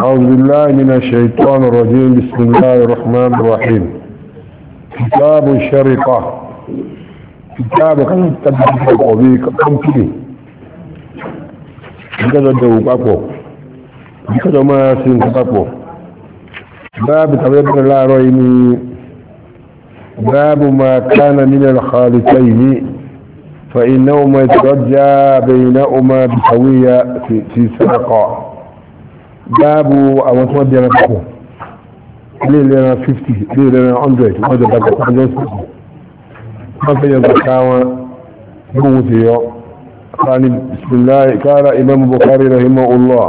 أعوذ بالله من الشيطان الرجيم بسم الله الرحمن الرحيم كتاب الشرقة كتاب كان تبقى قبيك كم كذا جو قبو كذا ما سين قبو باب تبقى الله رأيني باب ما كان من الخالتين فإنهما يترجى بينهما بسوية في سرقة báàbù àwọn tí wọ́n di ẹran púpọ̀ ilé ìlera 50 ilé ìlera 100 wọ́n jọ dàgbà pàjọ́ síkù wọ́n fẹ́ yẹn gbàká wọn gbóhùn sí قال بسم الله قال إمام بخاري رحمه الله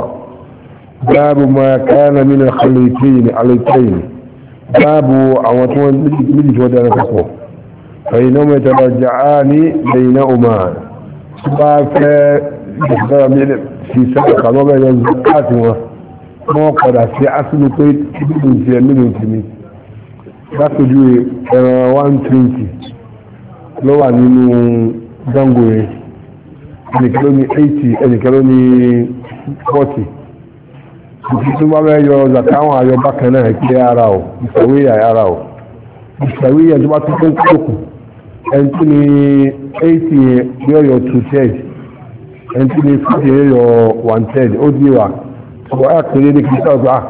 باب ما كان من الخليتين عليتين باب عواتون من جود أنا فقه فإنهما يترجعان بينهما سباك في سبق نوبة ينزقاتهما wọ́n padà sí asínú pé bíbùn ti ẹ̀ mílíọ̀n tì mí látòjú ẹran one twenty ló wà nínú dango yẹn ẹnìkan ló ní eighty ẹnìkan ló ní forty tuntun bá bẹ yọ zakawọn ayọ bákan náà kí ara o ìsàwéyà ara o ìsàwéyà tó bá tó tó kókò ẹni tó ní eighty yẹn yọ yọ two third ẹni tó ní forty yẹn yọ one third ó di wa. وقعت لي لك بتوزع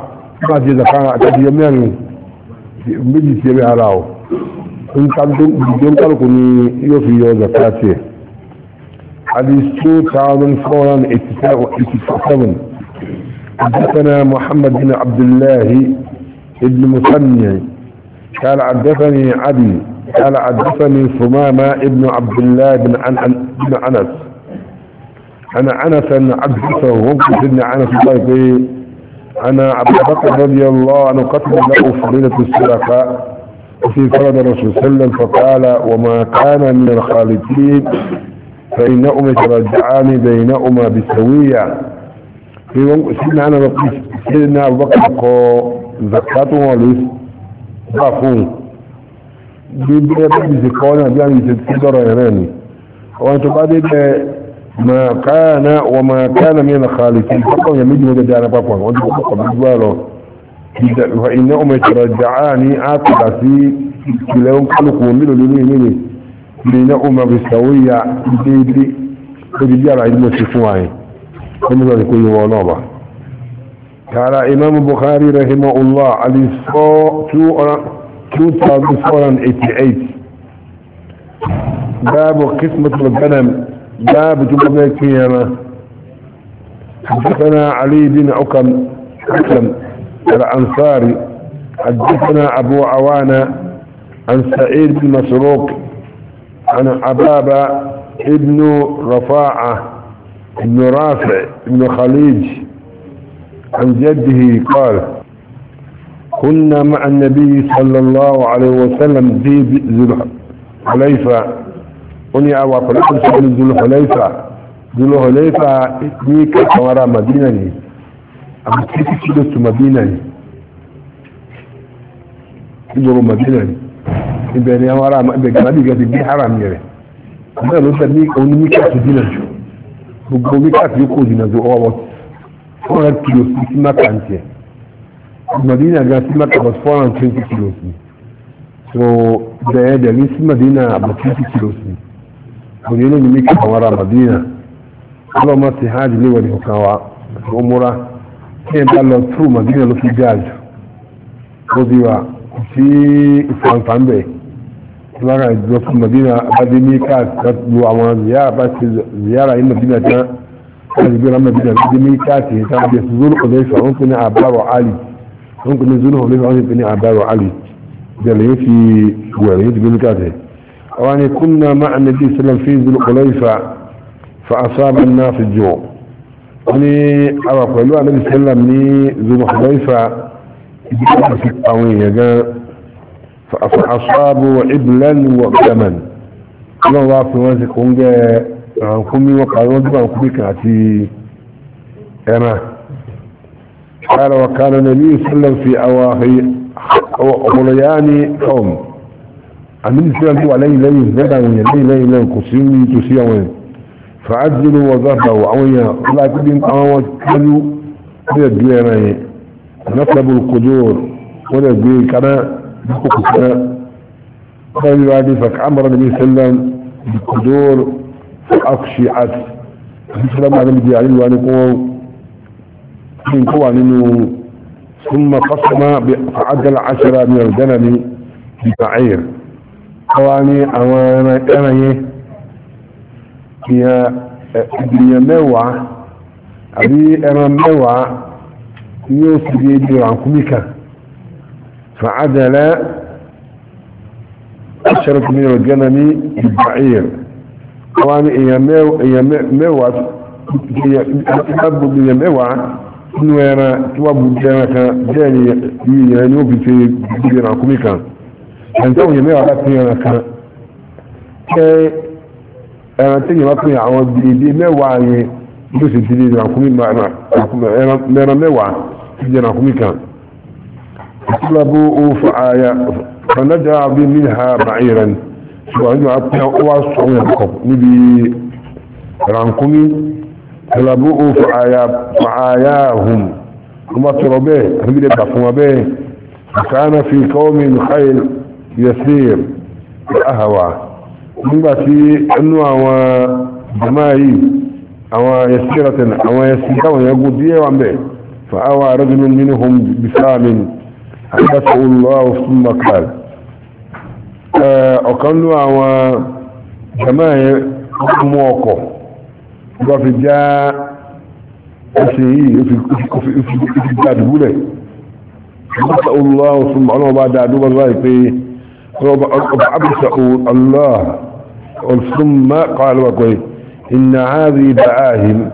ما جي ذكاء تجي يمين بيجي سيري علاو ان كان دون قالوا يوفي يو زكاتي حديث 2487 حدثنا محمد بن عبد الله ابن مثني قال حدثني عدي قال حدثني ثمامة ابن عبد الله بن انس أنا أنس أن عبد الله سيدنا أنس الله أنا عبد بكر رضي الله عنه قتل له فضيله السرقاء وفي فرد الله صلى الله عليه وسلم فقال وما كان من الخالدين فإنهما يتراجعان بينهما بسوية في سيدنا أنا بقيت سيدنا أبو بكر زكاة وليس ضعفون بيبقى بيزيقونا بيعني تتكدر عيراني وأنتم بعد ما كان وما كان من الخالقين فقط يمد وجدان فقط وجدان بالدوار فإنهم يترجعان عقب في كلاهم خلقوا من الدنيا بينهما بالسوية بيدي بيجار عيد مسيفوين كم ذلك كل ونوبة قال إمام البخاري رحمه الله عليه الصلاة 2088 باب قسمة الغنم باب جمعة كيما حدثنا علي بن عكم حكم الأنصاري حدثنا أبو عوانة عن سعيد بن مسروق عن عبابة ابن رفاعة ابن رافع ابن خليج عن جده قال كنا مع النبي صلى الله عليه وسلم في ذي الحليفه oni awa falakun sọ́dún zulhulaifa zulhulaifa ní kàkàwàrà madina ne a mutane kilo su madina ne ìgboro madina ne ibẹ̀ ni àwọn ará ibẹ̀ gànàbí gàdì bí haram yẹrẹ àmọ́ ìlú sẹ́ ní òun ní míkàtí dínà jù gbogbo míkàtí yóò kó dínà jù ọwọ́ four hundred kilos sí sí maka n tiẹ̀ madina gan sí maka was four hundred twenty kilos ni so bẹ́ẹ̀ dẹ̀ ní sí madina about twenty kilos ni òyìnbó ni mí kí àwọn ará Madina ọlọ́mọ ti hajj léwọ̀ ní ọ̀kan wa ó múra kí ẹ bá lọ tú Madina ló fi gáàjù ó di wa kò sí ìfọ̀nfà ń bẹ̀ lára ìjọ fún Madina abájé ní káàkiri lu àwọn ziyara bá ti ziyara yìí Madina tán láti gbéra Madina ló dé ní káàkiri tán bí ẹsùn zoro ọ̀dọ́ ìfọ̀ ń pè ní àbáwọ̀ Ali ń pè ní zoro ọ̀dọ́ ìfọ̀ ń pè ní àbáwọ̀ Ali ìjọba yóò fi wẹ̀rẹ̀ yóò ti gbé ní káàkiri وأن كنا مع النبي صلى الله عليه وسلم في ذي القليفة فأصاب الناس الجوع أني أرى قالوا النبي صلى الله عليه وسلم ذو القليفة في قوية فأصابوا عبلا وقدما الله وافي وانسك ونجا كمي وقالوا وانجب عنكمي كاتي أنا قال وكان النبي صلى الله عليه وسلم في أواخي أوليان قوم أمين سيئة هو لي لي زدعوية لي لي لي قصيني تسيئوية فعدلوا وذهبوا عوية لا تبين آوات كانوا ولا تبيني نطلب القدور ولا تبيني كما بقوا كما قالوا عدي فكعمر النبي صلى بقدور أقشي عد بسلام عدم دي عليل وانا قوة من قوة ثم قصم فعدل عشرة من الجنم بتعير ọwá ní àwọn ẹran yẹn ìgbìyàn mẹ́wàá àbí ẹran mẹ́wàá ní ó sì gbé ibi rànkúmí kan fàájẹ̀lẹ́ ṣẹ́rẹ̀kùnmí ọ̀gẹ́nà ní ìgbàíyàn ọwá ní èèyàn mẹ́wàá nínú ẹran tí wọ́n bú jẹ́ ẹran kan bẹ́ẹ̀ ni yìnyín ó fi ṣe ibi rànkúmí ẹ̀ǹtọ́ òyìn mẹ́wàá bá pín kan ṣé ẹran tí yìí bá pín àwọn ibi mẹ́wàá yẹn ló sì ti di ìrànkúmí mẹ́ran mẹ́wàá ti di kan ha yasir ahawa nígbà tí ẹnu àwọn jama yìí awa yasiratan àwọn yasir káwọn yẹn gùn díẹ̀ wọn rajulun minhum bisamin àgbàsọ olùwàwò fún makal ọ̀kan nú àwọn jama yẹn kuma ọkọ̀ wọ́n fi já ẹsẹ̀ yìí ó fi já dùbúlẹ̀ àgbàsọ olùwàwò ọlọ́wọ́ bá أبو سعود الله ثم قال وقال إن هذه بآهم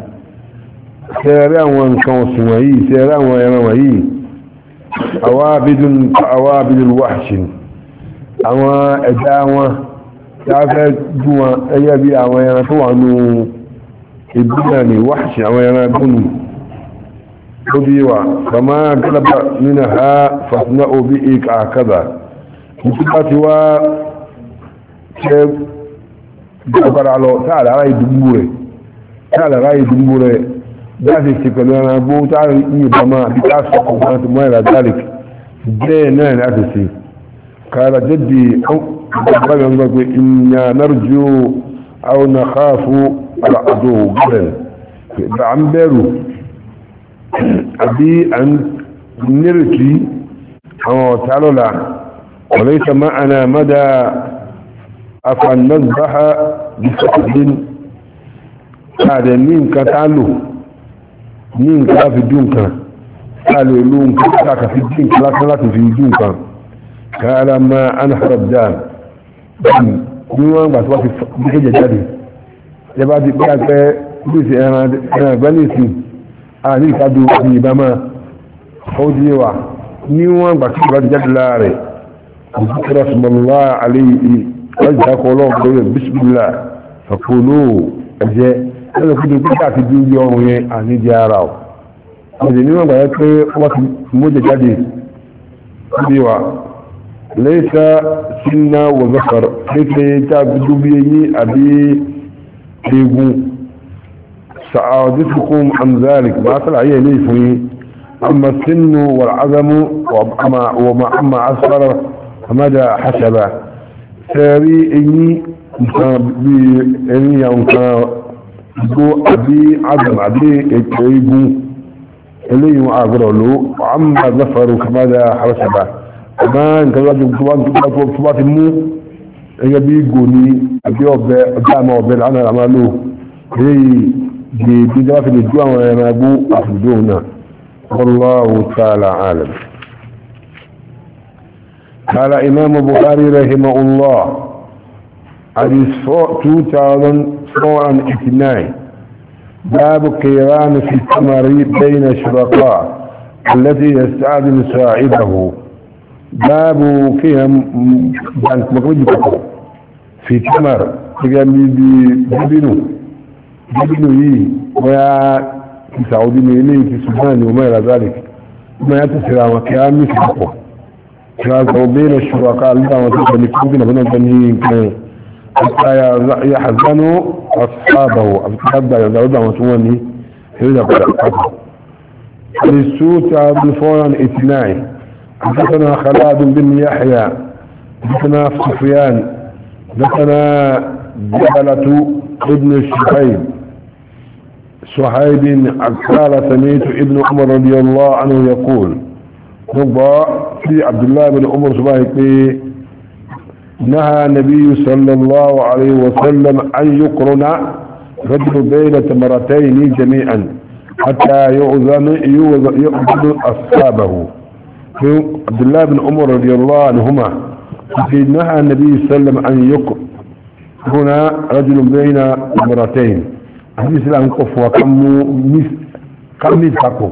سيران وانكوس وهي سيران ويران وهي أوابد كأوابد الوحش أما أداوة تعفى جوا أيابي أما ينطوع نو ابناني وحش أما ينطوني خذيوا فما قلب منها فاثنأوا بئك هكذا nígbà tí wá ṣe gbàgbára lọ táàlà ara ìdúgbò rẹ̀ táàlà ara ìdúgbò rẹ̀ dáàsì ṣe pẹ̀lú ẹran gbó táàrí yìnbọn máa àbí káàsọ̀ kọ̀ọ̀kan ti mọ́ ìlà garlic bẹ́ẹ̀ náà láti ṣe kàrà jẹ́dì àwọn gbogbo pé ìyà nárjú àwọn àkáàfù àdó gbẹ̀rẹ̀ bá ń bẹ̀rù àbí nírètí àwọn ọ̀tá lọ́la وليس معنا مدى أفعى النذبح بسعد هذا مين كتعلو مين كلا في الدين كان قالوا لون كتاك في الدين كلا كلا في الدين كان قال ما أنا حرب níwọ̀n gbà tó bá fi díkéjẹ̀ jáde ẹbá ti pé àpẹ bíìsì ẹran ìgbẹ́lẹ̀sì àní ìkádù ìyìnbá máa ó díẹ̀ wà níwọ̀n gbà tó bá ti jáde láàrẹ̀ ذكر اسم الله عليه وجه قولون قوله بسم الله فقولوا أجاء هذا كنت بقى في دين يوم يعني جاراو مجنين ما يكفي وقت موجة جديد بيوا ليس سنة وذكر ليس يتعبدوا بيه أبي تيبو سأعودتكم عن ذلك ما أطلع عليه ليس أما السن والعظم وما أما أسفر àmàdà àṣàbà ẹ̀rí eyín nǹkan bí ẹni àwọn nǹkan gbó àbí àgbà àbí ètò igun eléyìí wọn àgbọ̀rọ̀ ló àmà zafaru kàmàdà àṣàbà àmà nǹkan tó bá ti mú gẹ́gẹ́ bí ìgò ní àbí ọ̀bẹ ọjọ́ àmà ọ̀bẹ lánàá àmà lò eléyìí gbèdé tó bá fi lè dú àwọn ẹran agbó àfùdó náà والله تعالى عالم قال إمام بخاري رحمه الله حديث 2489 باب قيران في التمر بين الشرقاء الذي يستعدم صاحبه باب كيهم بانت مقبجة في تمر تقام بجبنو جبنو يي ويا تسعودين إليه في سبحانه وما إلى ذلك ما يتسرى وكيام يسبقه شراكة الشركاء لنا وتشركوا بنا بنا الجنين كان حتى يحزنوا أصحابه أبتحدى يدعودا وتواني هيدا قد أحبه السوطة بالفوران اتناعي حدثنا خلاد بن يحيى حدثنا سفيان حدثنا جبلة ابن الشحيب صحيب قال سميت ابن عمر رضي الله عنه يقول هو في عبد الله بن عمر نهى النبي صلى الله عليه وسلم أن يقرن رجل بين تمرتين جميعا حتى يؤذن يؤذن أصحابه في عبد الله بن عمر رضي الله عنهما نهى النبي صلى الله عليه وسلم أن يقرن رجل بين تمرتين حديث الأنقف وكم نسكه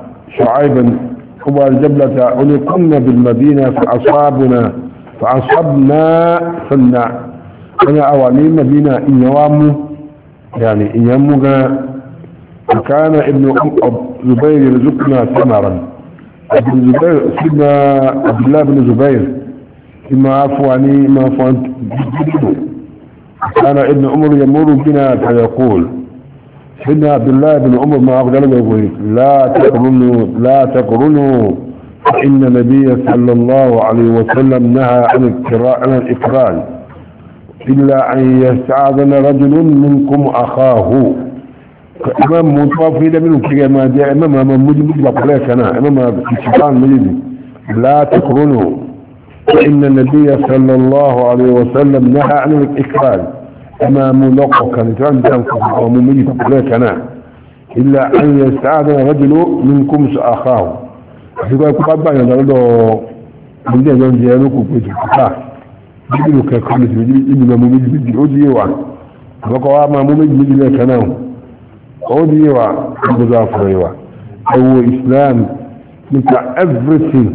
شعيبا هو الجبلة قل كنا بالمدينة فأصابنا فأصبنا فنا أنا أولي مدينة إيوام يعني إيامك وكان ابن زبير يرزقنا ثمرا ابن زبير سيدنا عبد الله بن زبير إما عفوا عني ما عفوا كان ابن عمر يمر بنا فيقول سيدنا عبد الله بن عمر ما أقدر يقول لا تقرنوا لا تقرنوا فإن النبي صلى الله عليه وسلم نهى عن الاكرام إلا أن يستعذن رجل منكم أخاه إمام متوفي منه كما جاء إمام أمام مجد بقليك أنا إمام الشيطان مجد لا تقرنوا فإن النبي صلى الله عليه وسلم نهى عن الاكرام كما ملقك لتعلم يتعلم تنفق ومميز كذلك أنا إلا أن يستعاد رجل منكم سأخاه يقول لك قبع يقول له من دي جان جيانوك وكويت الفتاة جبلو كاكولة بجيب إنما مميز بدي عودي يوعى وقوا ما مميز بدي لك أنا عودي يوعى مضافر يوعى أو إسلام مثل everything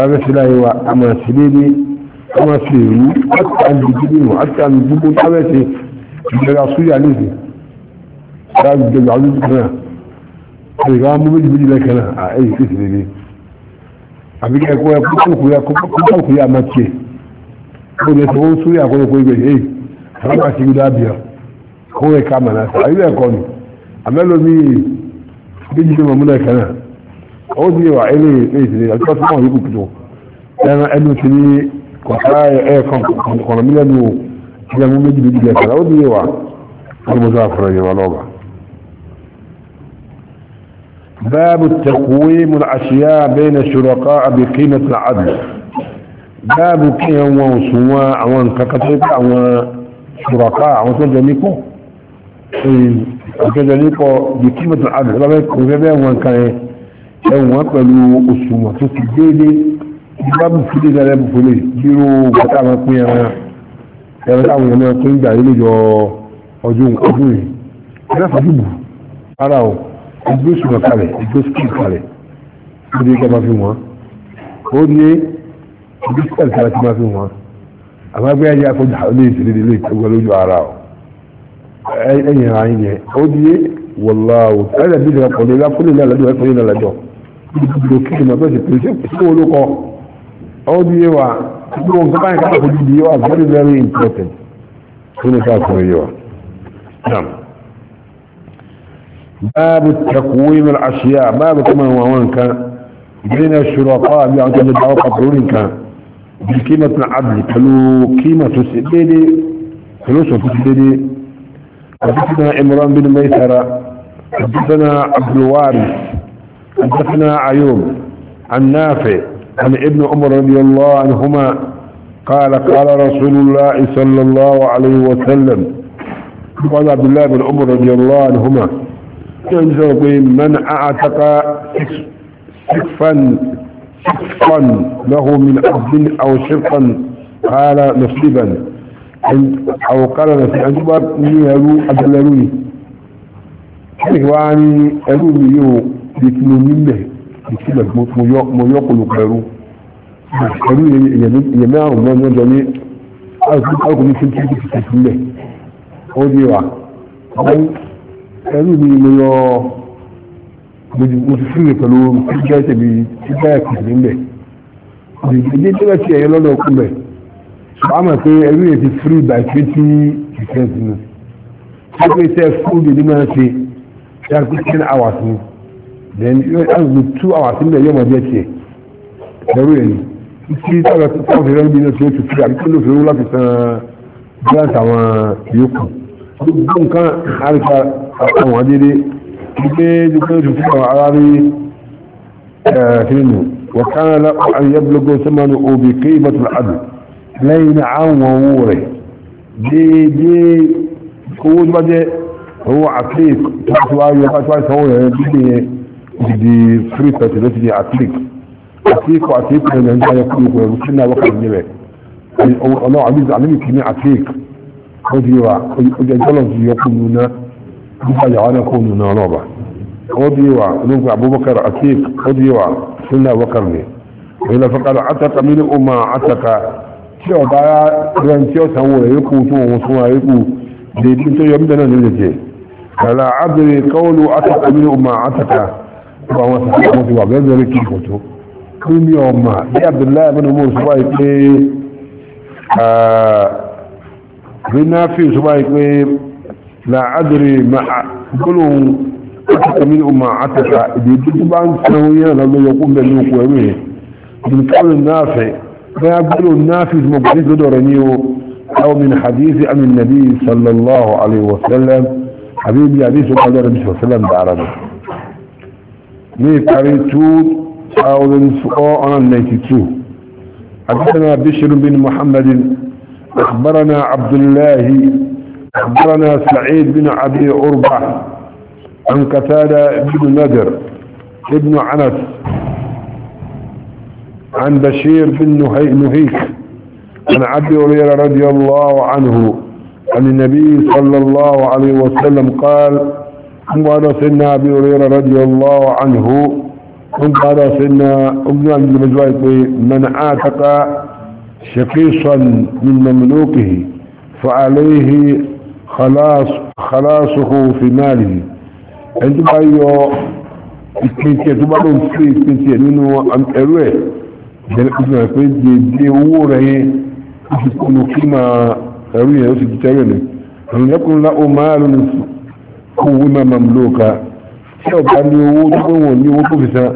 هذا سلاه هو أما سليبي wọ́n ti rú àtàlùdúgbò àtàlùdúgbò tábẹ́sì ìjọba súyà nìsí ìjọba àdúgbò náà ẹ̀rìká mú méjì méjì lẹ́kẹ̀ náà èyí sì sì lè àbí kẹ́kọ̀ọ́ ẹ kúkúrúkú yà máa tiẹ̀ kó lè sọ wọ́n súyà kó lè e. kó ibẹ̀ yìí àwọn àti ìgbà bíà kó lè ká màná sọ àyè ẹ̀kọ́ ni àmẹ́lò mi méjì tó mọ̀ múlẹ̀ kan náà ó ti wà ẹlẹ́yìn ẹ̀sìn ẹ̀sìn ẹ̀sìn ẹ̀sìn من ممجي او المزافر باب التقويم الاشياء بين الشركاء بقيمة العدل باب كيهم وسواء عوان ككتب عوان شركاء عوان تجنيكو تجنيكو بقيمة العدل لابد كوزبه وان كان يوم وقلوا تسجيلي ìgbàbù fúlé náà lẹ́bù fúlé bírò bàtà máa pín ẹran ẹran táwọn èèyàn máa pín ìgbà yìí lójọ ọdún ọdún yìí ẹran fàdúbù ara o ìgbó ṣùgbọ́n kalẹ̀ ìgbó skil kalẹ̀ ó di ẹgbẹ́ máa fi wọ́n ó di ìgbó skil kalẹ̀ ti máa fi wọ́n àmọ́ ẹgbẹ́ ẹ̀yẹ akọjà lè tẹ̀lé lè tẹ̀wọ́ lójú ara o ẹ̀yìn ara yẹn ó di wọ̀láwò ẹ̀rẹ̀ bí ìjọba kọ̀ọ̀lẹ́ lápúlẹ̀ náà lọ́jọ́ أوديوا كلهم زمان كانوا أوديوا very very important هنا كانوا أوديوا نعم باب التقويم الأشياء باب هو وان كان بين الشرطاء يعني كان دعوة قبرون كان بكيمة العدل كلو كيمة تسديدي كلو تسديدي حدثنا عمران بن ميسرة حدثنا عبد الوارث حدثنا عيوب عن نافع عن ابن عمر رضي الله عنهما قال قال رسول الله صلى الله عليه وسلم قال عبد الله بن عمر رضي الله عنهما من اعتق سقفا سقفا له من عبد او شرقا قال نصيبا او قال نصيبا انتبار ميهلو ادلالوي كيف واني الو ميهو منه ìsílẹ̀ mo yọ kolo pẹ̀lú pẹ̀lú èyàn márùn náà yọjọ ní alùpùpù ní fún kíkì ti sílẹ̀ ó di wa pẹ̀lú mi mo yọ mo ti sílẹ̀ pẹ̀lú kíkà ìtẹ̀bi kíkà ìkùn nílẹ̀ ìdíje tí wọ́n ti ẹ̀yẹ lọ́dọ̀ ọkùn bẹ̀ wọ́n á mọ̀ pé ẹ̀rú yẹn ti free by twenty percent nù wọ́n pèsè fúdù ní máa ń ṣe ṣe àkókò ten hours nù then azùgbò two hours nílẹ̀ yóò mọ̀ jẹ́ tiẹ̀ ẹ̀rú ẹ̀ ní títí táwọn táwọn fèrè ń bí iná tí ó ti fi àbí tó ló fèrè láti san grant yòókù gbogbo nǹkan àríkà àwọn adédé gbígbé gbígbé tó fi àwọn ará rí ẹ̀ẹ́dínú وكان لا يبلغ ثمنه بقيمة العدل lẹ́yìn àwọn owó rẹ̀ déédé owó tó bá jẹ́ owó àfíìkì tó wáyé pàtíwáyé sanwó rẹ̀ gbígbé yẹn di free person ló ti di atlik atlik atlik ní nàìjíríà yẹ kúrò kúrò ẹ̀rù sínú àwọn kan níbẹ̀ ọlọ́run àbíjì àníbi kìíní atlik ó di wa ó jẹ́ jọ́lọ̀ ti yọ kúrò nù náà nípa yàrá náà kúrò nù náà lọ́ba ó di wa olóńgbò abubakar atlik ó di wa sínú àwọn kan ní èyí lọ fọ́kàlọ́ ataka mi ní ọmọ ataka tí ọba rẹ̀ tí ọ̀sán wọ̀ rẹ̀ yókù tó wọn fún wa yókù dèbí tó yọ mí dáná ní ìrẹ̀jẹ̀ kàlà ábẹ̀rẹ̀ kọ́ọ̀lù ataka mi ní ataka وهو صحابه وغير ذلك كيفته كل يوم ما عبد الله بن عمر سبايك رنا في سبايك لا أدري ما كلهم أتك من أمة عتك إذا تبان سنويا لما يقوم بالنوك ويمه من قول النافع فيقول النافذ مبعث دورنيو أو من حديث أم النبي صلى الله عليه وسلم حبيبي حديث قدر النبي صلى الله عليه وسلم بعربه ní ìparí 2492 حدثنا بشر بن محمد اخبرنا عبد الله اخبرنا سعيد بن عبد عربة عن قتادة بن نذر ابن عنس عن بشير بن نهيك عن عبد هريره رضي الله عنه عن النبي صلى الله عليه وسلم قال عن قال سيدنا ابي هريره رضي الله عنه عن قال سيدنا ابن عبد المجوائد من اعتق شقيصا من مملوكه فعليه خلاص خلاصه في ماله عند بايو كنت تبعون في كنت ينو ام اروي جل ابن عبد المجوائد دي وراي owó náà mamlóka tí ọba ní owó tó pé wọn ní owó tó fi san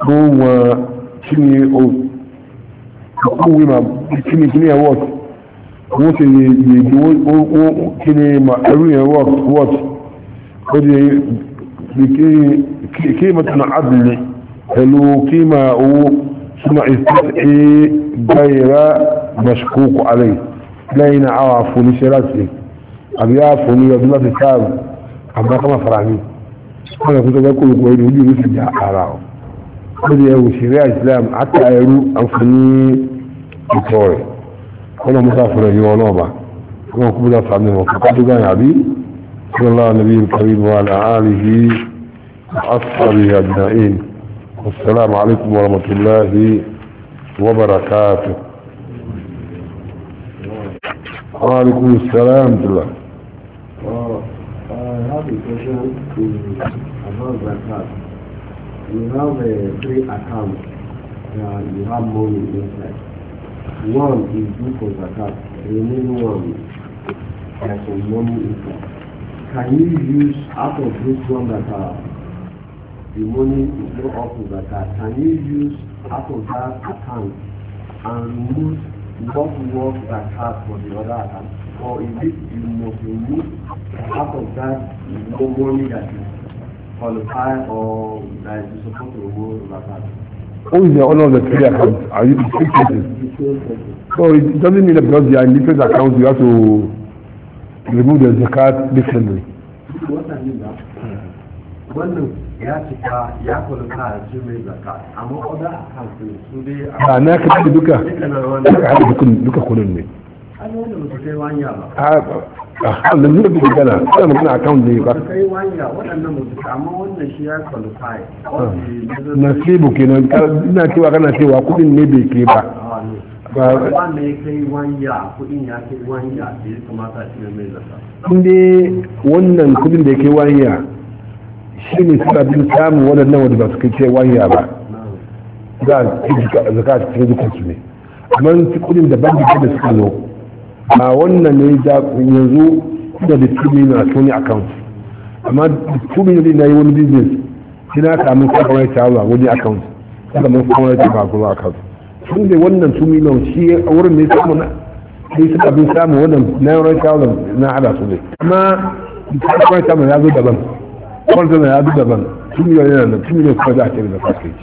ló wọn kí ni owó kí ni kí ni ẹwọ́t owó ti lè di owó kí ni ẹrú yẹn wọ́t ó di kí ni mọ́tò náà adìlẹ̀ pẹ̀lú kí ni owó ثم استدعي غير مشكوك عليه لين عرفوا لشراته أبي عرفوا لي عبد الله àmọ́ kọ́ máa fara mi wọ́n lọ fún tọ́gbẹ́ kó gbogbo ẹni ojú ìlú sì já ara ọ̀ ó di ẹwù ṣeré àìsílámù àti ẹrú àǹfààní ìtọ́ rẹ̀ wọ́n lọ mú sáfún ẹ̀yìn wọn náà bá wọ́n kú múlá fàmì wọn kọ́ tó gbà yàbí صلى الله النبي الكريم وعلى آله وأصحابه أجمعين والسلام عليكم ورحمة الله وبركاته وعليكم السلام ورحمة الله have a question to about zakat. You have uh, three accounts that you have money inside. One is due for zakat. The remaining one has some money inside. Can you use out of this one that uh, the money is not up to zakat? Can you use out of that account and remove what was zakat for the other account? or is it you must remove half of that no money that you qualify or that you support the to remove that. Who is the owner of the three accounts? Are you the same person? So it doesn't mean that because they are in different accounts you have to remove the zakat differently. What I mean that wannan ya cika ya kwalata a cikin zakat amma oda accounts su dai a na ka duka duka kudin ne da ne bi gana ana magana account ne ba kai wanya waɗannan mutu amma wannan shi ya qualify nasibu kenan ina cewa kana cewa kudin ne bai ke ba ba ne kai wanya kudin ya kai wanya da ya kamata shi ne mai zata inda wannan kudin da ya kai wanya shi ne sababin samun waɗannan wanda ba su kai ce wanya ba za a ci zaka cikin dukansu ne amma kudin da ban da suka zo ba wannan ne da yanzu da distributor na tuni a kan amma distributor din yi wani business shi na kamun kawai ta zuwa wani account kada mun kawai ta ba kuma account sun da wannan 2 million shi a wurin ne samu na sai suka bin samu wannan 900,000 na hada su ne amma kawai ta mu ya zo daban kawai ta ya zo daban 2 million yana nan 2 million kawai za a ce da package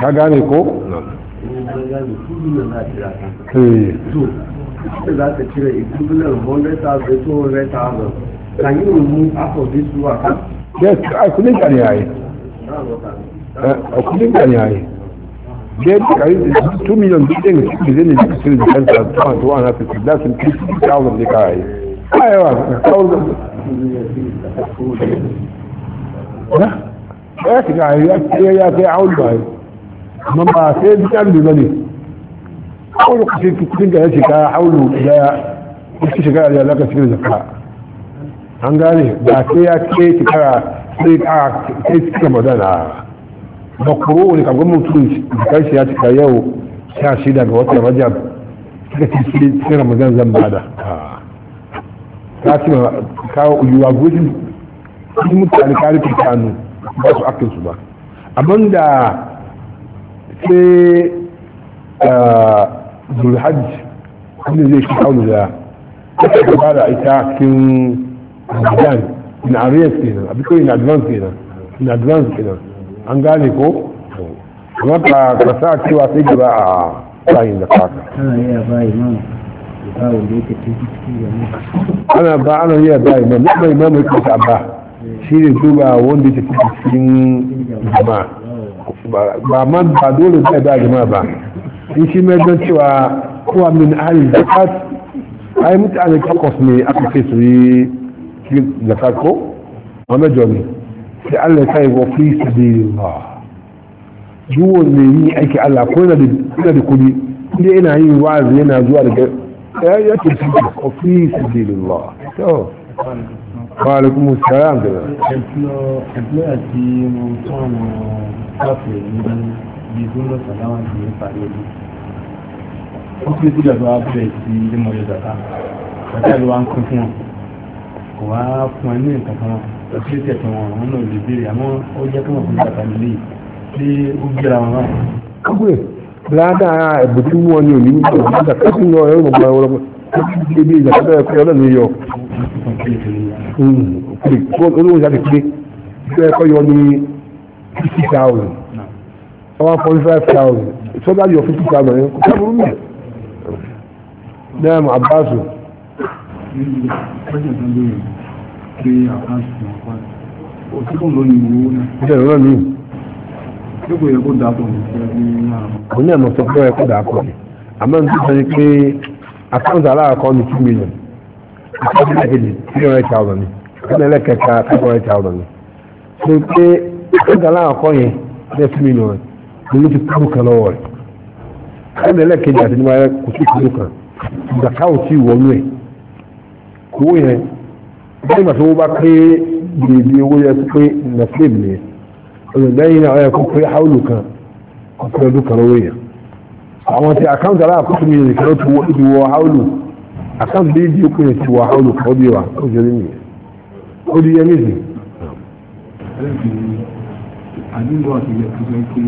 ka gane ko? na ita za ta cire equivalent 100,000 to 100,000 can you remove half of this two account? yes a kudin ka ne yayi a kudin ka ne yayi da ya cika yi 2 million duk ɗin da zai ne da ka cire da kansa 250 da sun 50,000 ne ka yayi a yawa ya shiga ya kai aulu ba yi amma ba sai bikin da ba ne أول قصيد تلقى يتك حوله إذا يتشكى إذا لك سكر زكاة عن ذلك بأكيا كي تكرى سيد آك كي تكرى مدانا مقرون كم قمم تلش بكيش يتك يو شاشيدا قوات رجب تكرى تكرى مدان زنبادا كاتما كاو يواجوزن mutane kare kirkanu ba su akinsu ba abinda sai zulhajj wanda zai shi haulu da kasa ta bada ita cikin ramadan in arrears kenan abi ko in advance kenan in advance kenan an gane ko kuma ka kasa cewa sai gaba a tsayin da kaka ana ba ana yi ba imam ne ba imam yake ta ba shi ne duba wanda yake cikin jama'a ba man ba dole zai ba jama'a ba shi mai don cewa kowa min ahli zakat ai mutane takwas ne aka ce su yi zakat ko amma jomi sai Allah ya kai wa fi sabilillah duwo ne yi aiki Allah ko yana da kudi inda yana yi wa'azi yana zuwa daga ya ya ce shi wa fi sabilillah to wa alaikum assalam da employer ti mo tọ́nà káfíìn ní bí gbọ́dọ̀ sọ̀rọ̀ àwọn ìgbìyànjú ó tún kúrò àti wàá bẹ̀rẹ̀ sí ilé mọ̀ yọjà ká bàtà ló wá ń kún fún wọn kò wá fún ẹ ní nǹkan kan lọ sí ètò ẹ̀tọ́ wọn wọn náà lè béèrè àmọ́ ó jẹ́ kí wọ́n fún bàtà nílé tí ó gbéra wọn náà. kápẹ́ bíláàdà ẹ̀bùn tí wọ́n ní òní wípé ọ̀gá kẹ́sì ń yọ ẹ̀rọ gbọ̀ngàn ọ̀rọ̀ ebi ìjàkadà ẹ̀kọ́ ọlọ́run ní yọ olóhùn ìjáde pé ṣé ẹ̀kọ́ yọ ní fifty thousand ọwọ́ forty five thousand sọ́dọ̀ àjọ fifty thousand ẹ̀ kò sábà rúmìnà. نعم عباس kò ní àmọ̀ sọ pé ẹ̀kọ́ dà kọ́ ni àmọ́ ní sísan ni pé àkáǹtì aláàkọ́ ni two million àkáǹtì ẹ̀kẹ́jì three hundred thousand ni àkáǹtì ẹlẹ́kẹ̀ẹ́ta five hundred thousand ni ṣe pé àkáǹtì aláàkọ́ yẹn bẹ́ẹ̀ two million ni ló ti kúrú kan lọ́wọ́ rẹ̀ àkáǹtì ẹlẹ́kẹ̀ẹ́jì àti nígbà kò sí kúrú kan zaka ò tí wọnú ẹ̀ kó yẹn báyìí màtí wọ́n bá pé bèbè owó yẹ pé nàfíìm ni olùdẹ́yìn náà ọ̀yẹ́ kó pé haúlù kan ọ̀pẹ́ ọdún kan lówó yẹn àwọn ti àkáǹtì aláàkóso mi nìkan tó wọ ibi wọ haúlù àkáǹtì bí ibi òkú yẹn ti wọ haúlù kan bí wa ó jẹ́ nìyẹn ó di yẹn nìyẹn. Àdúgbò àti ìyẹn tó fẹ́ pé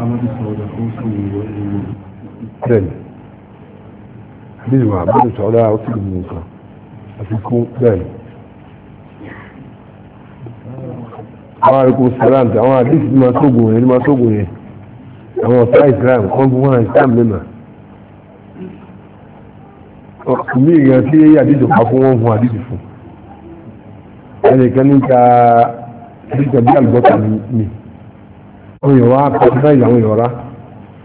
Amadu Sọ̀dà ó sọ̀rọ̀ ìwọ ìwọ bíi wà bíi sọ̀rọ̀ àwọn tí kìí nìkan àfikún bẹ́ẹ̀ àwọn àríkò sàlám tí àwọn àdìsí ni máa tóògùn yẹn ni máa tóògùn yẹn àwọn ọ̀tá Islam kan fún wọn Islam lẹ́nà mi ìgbà tí àdìsí pa fún wọn fún àdìsí fún ẹnìkan ní ká àdìsí àbí àlùbọ́tà mi ọ̀yọ̀ wa kọ́ sí náà ìyàwó ìyọ̀ra.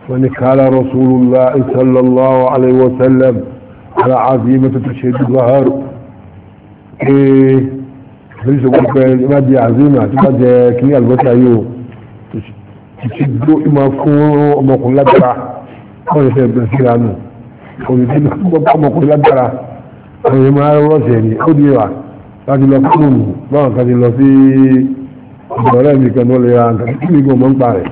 وإن قال رسول الله صلى الله عليه وسلم على عظيمة تشهد الظهر إيه ليس قلت ما دي عظيمة ما دي كنية البتع يو تشهد إما فور وما قل لدرع أو يسير بنسير عنه أو يسير بنسير وما قل لدرع أو يما رأس يعني أو ديرا لكن لو كنون ما كان لو في الدولة كان ولا يعني كان كنية ومن طارق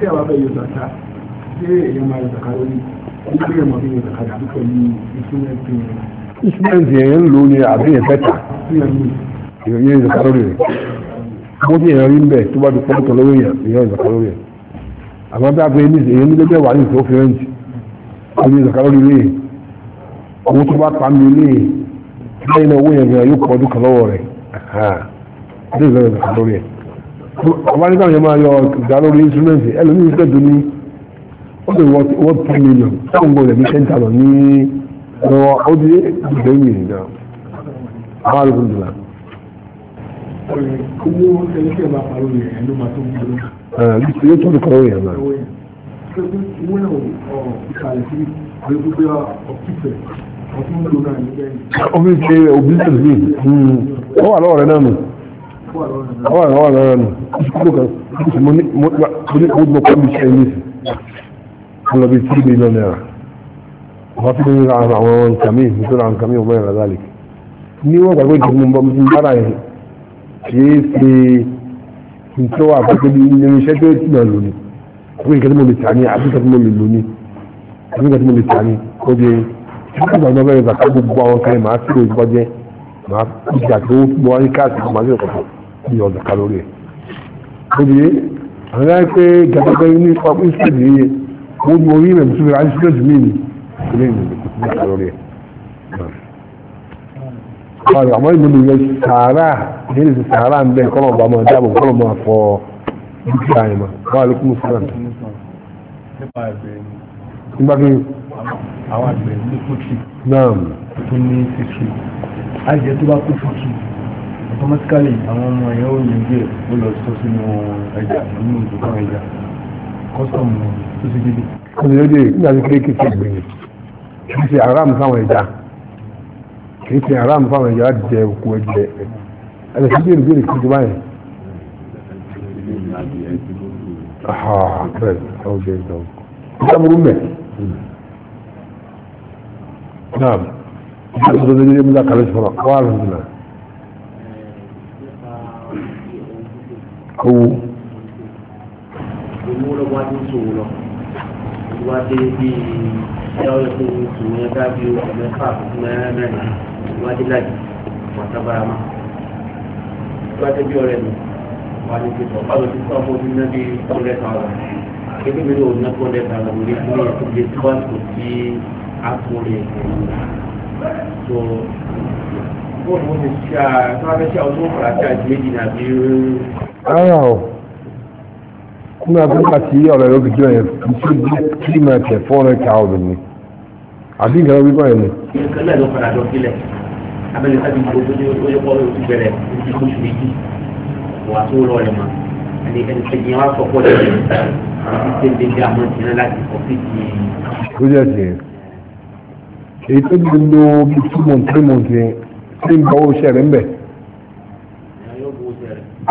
tí àwọn abẹ́ yóò zaka ṣé èèyàn máa yóò zaka lórí ní pé èèyàn máa fi yóò zaka dàbí pẹ̀lú ìsúnmẹ́ntì yẹn. ìsúnmẹ́ntì yẹn ń lò ní àbí yẹn fẹ́ta èèyàn yóò zaka lórí rẹ̀ mo ti èèyàn rí mbẹ tó bá ti pọ́ńtọ̀ lórí yẹn èèyàn yóò zaka lórí rẹ̀ àmọ́ bí a bẹ ní èèyàn nílé bẹ́ẹ̀ wà ní ìṣòfò rẹ̀ǹtì ó ní zaka lórí rẹ̀ owó tó bá pa mi lé lẹ́yìn náà owó yẹn yóò pọ̀ ọdún ọba nígbà yẹn máa yọ ìdá lórí instrument ẹlòmí instrument ní ó lè wọ ten million táwọn gbọ́dọ̀ ní ten thousand ní lọ́wọ́ ó di ìgbẹ́ yìí nìyà àwọn àlùkò ìdìlà. owó ẹlẹ́kẹ̀ bá parọ́ yẹn ẹ̀ ló máa tó gbé lọ. yóò tọ́jú kọ́ yẹn náà. owó náà ọ̀ ìsàlẹ̀ sí àlùkò ọ̀kìfẹ̀ ọ̀tún ló náà nígbà yẹn. ó fi ṣe òbí tẹ̀lé ó wà lọ́wọ́ rẹ̀ náà nù àwọn àwọn àwọn àwọn nù kúrò kan mo ní mo ní gbogbo kan bí ṣe ní sí mo lọ bí tí mi lọ náírà wọ́n fi ní àwọn nkàmí nítorí àwọn nkàmí ọmọ ìrìn àdálẹ̀ ní wọ́n gbàgbé ìdìbò mo bá bára yẹn kì í ṣe nítorí wà pàtó bí nínú iṣẹ́ tó ti náà lónìí àbí nǹkan tí mo lè tà ní àbí nǹkan tí mo lè lónìí àbí nǹkan tí mo lè tà ní ó di nígbà tí wọ́n bẹ̀rẹ̀ gbàgbé gbogbo àwọn kan yẹn màá sí ìgbọ́jẹ́ màá kú ìgbà tó wọ́n rí káàkiri màá sí ìkọ̀kọ̀ ní ọ̀dọ̀ kalori ẹ̀ lóbi àwọn ẹ̀rọ pé gàdàgbà ní pápá ìsìlẹ̀dì yìí wọ́n mú orí rẹ̀ mùsùlùmí àìsílẹ̀dì mí ni ilé ìlú kò sí kalori ẹ̀ ọ̀rọ̀ àmọ́ ìlú mi yẹn sàárà ní ìlú sàárà ń bẹ kọ́nà ọba máa dáàbò kọ́nà máa fọ dúkìá yẹn mọ́ wọ́n sílẹ̀ nígbà àwọn àgbẹ̀ ní automatically àwọn ọmọ ẹ̀yàn ò yẹn díẹ̀ ó lọ sọ sínú ẹja nínú ìdókòwò ẹja custom tó ti dédé. ọ̀sẹ̀ lóde nígbà tí kéèké ti gbìyànjú kì í ṣe aram fáwọn ẹja kì í ṣe aram fáwọn ẹja láti jẹ òkú ẹjẹ ẹ̀rọ sí bíèrè bíèrè kí n tó báyìí. bẹ́ẹ̀ ọ̀gẹ̀ ìdánwò. ìjọba burú mẹ́. naam. ìjọba burú mẹ́. owó. owó ló wá ní sòwò lọ wá dé bí ìyáwó tó ń sùn yẹn bá bí oṣù mẹ́fà fún mẹ́rin mẹ́rin wá dé láti wàtábára má. wá dé bí ọ̀rẹ́ mi wá ní pípọ̀ báwo ti sọ ọmọ mi náà bí ọ̀rẹ́ kan rẹ̀ kékeré mi ò ná kọ́ lẹ́ta lọ lórí ilé ẹ̀kọ́ tó àsìkò tí a kò lè tó bóòlù ó ti ṣe àtúnwáfẹ́ ṣe àwọn tó ń fara àti méjì nàbí ara ọ̀ kúnlẹ̀ abúlé àti ọ̀rọ̀ ẹ̀rọ gidi ọ̀yẹ̀ tí ó di three months ẹ̀ four hundred thousand ni àbí ìgbà wípé ẹ̀ ni. ìkànnì ẹ̀ ló padà lọ sílẹ̀ abẹ́lẹ̀ sábì gbogbo ní oyè pọ̀ lórí ìbẹ̀rẹ̀ ní oṣù méjì wà tó lọ rẹ̀ mọ́ ẹni ẹni tẹ̀yìn wá sọ pọ̀ lẹ́yìn àti tẹ̀lé ní àmọ́ ìtìlẹ̀ láti ọ̀fíìsì. project yẹn èyí tó ti lo bí two months three months yẹn tí ń bọ́ owó iṣẹ́ rẹ̀ ń bẹ̀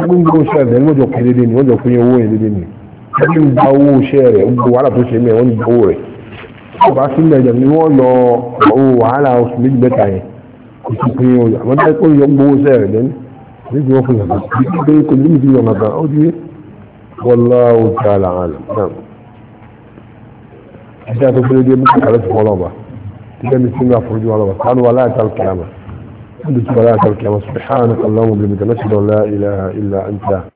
ẹgbẹ́ ìgbà oṣù ẹ̀fẹ̀ ní ọjọ́ kẹrẹ́dé ni ọjọ́ fún owó yẹn dédé ni ẹgbẹ́ ìgbà owó oṣù rẹ̀ gbogbo wàhálà tó ṣe mẹ́rin wọ́n ní owó rẹ̀ ọba sílẹ̀ ìjọba ni wọ́n lọ owó wàhálà oṣù méjì mẹ́ta yẹn kò sí pé ọjọ́ àwọn tó kọ́ yọ gbowó oṣù rẹ̀ lẹ́nu níbi wọ́n fún yàrá bí pé kò ní ìdí yọ̀nà kan ó ti wọlá oṣù àlà àlà náà ẹ̀ṣẹ́ àtọ́gbẹ́lẹ́dẹ́ mú kàkàrẹ́ fún ọlọ́ba tí kẹ́mi sí ń gbà fún ojú ọlọ́ba sánú wa láì tàbí kìlámà قلت ولا ترك سبحانك اللهم ان لا إله إلا أنت